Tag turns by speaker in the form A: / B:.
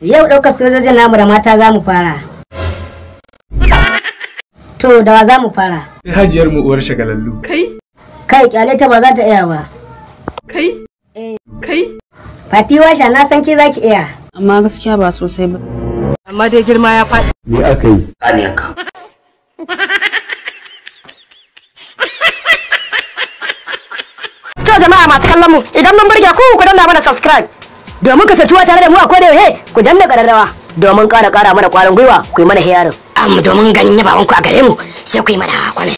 A: Yau ɗaukar sojojin namu da mata za mu fara. To, da wa za mu fara?
B: Hajiyar mu uwar
C: shagalallu.
D: Kai?
A: Kai, kyale ta ba za ta iya ba.
D: Kai? Eh. Kai? Fatiwa sha na san ki za ki iya. Amma gaskiya ba sosai ba. Amma dai girma ya
E: faɗi. Me aka yi? Ani aka.
F: To jama'a masu kallon mu, idan mun burge ku ku danna mana subscribe. domin kasantuwa tare da mu a koda yaushe ku danna kararrawa domin kara kara mana kwarin gwiwa ku yi mana hiyarin. amma domin ganin yabawanku a gare mu sai ku yi mana kwamen.